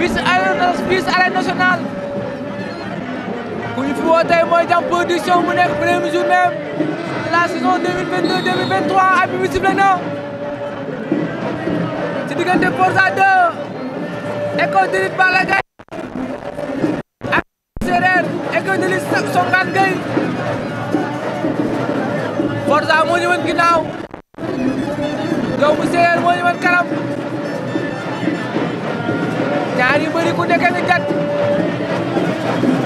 fii si arène ku ñu fi woo mooy Jam Production mu nekk premier journée de la saison 2022 2023 abi bi na ci diggante Forza 2 école de lutte Balla Gaye ak Séeréer école de lutte Songane Gueye Forza moo ñëwoon ginnaaw doomu Séeréer moo ñëwoon kanam ñaar yu bëri ku nekk nga jat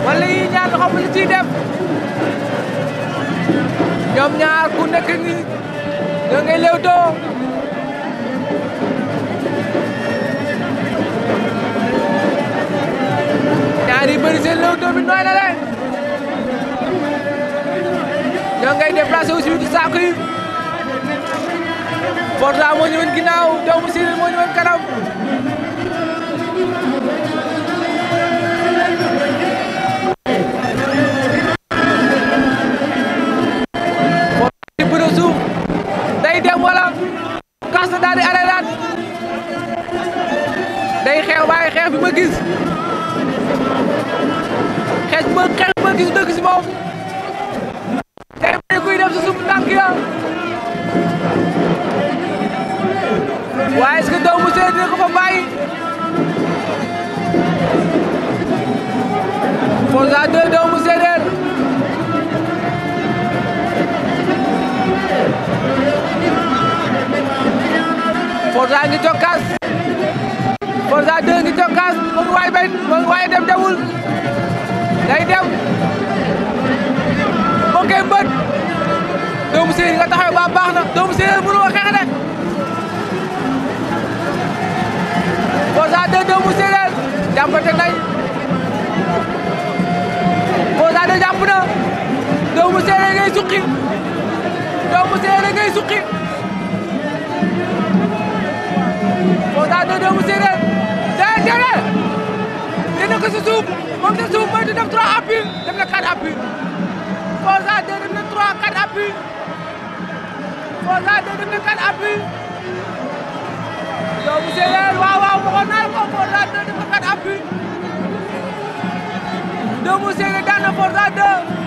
wala yi ñaar loxo li ciy def ñoom ñaar ku nekk ni ñoo ngay lewtoo ñaar yu seen lewtoo bi nooy na leen ñoo ngay déplacé aussi ci saako yi Forza moo ñëwoon ginnaaw day xeex waaye xeex bi ma gis xeex ma xeex bi ma gis dëgg si moom day mel cokkaas pour waay bay waaye dem demul day dem bokkee mbët doomu séeréer nga taxawee ba baax na doomu séeréer mënoo xeex de Forza 2 doomu séeréer jàppante nañ Forza 2 jàpp na doomu séeréer ngay suqi doomu séeréer ngay suqi Forza 2 doomu séeréer Touré dina ko si suuf moom te suuf mooy di def 3 appuis def na 4 appuis Forza 2 def na 3 4 appuis Forza 2 def na 4 appuis yow monsieur Yeye waaw waaw waxoon naa la ko Forza 2 def na 4 appuis doomu Séeréer daan na Forza 2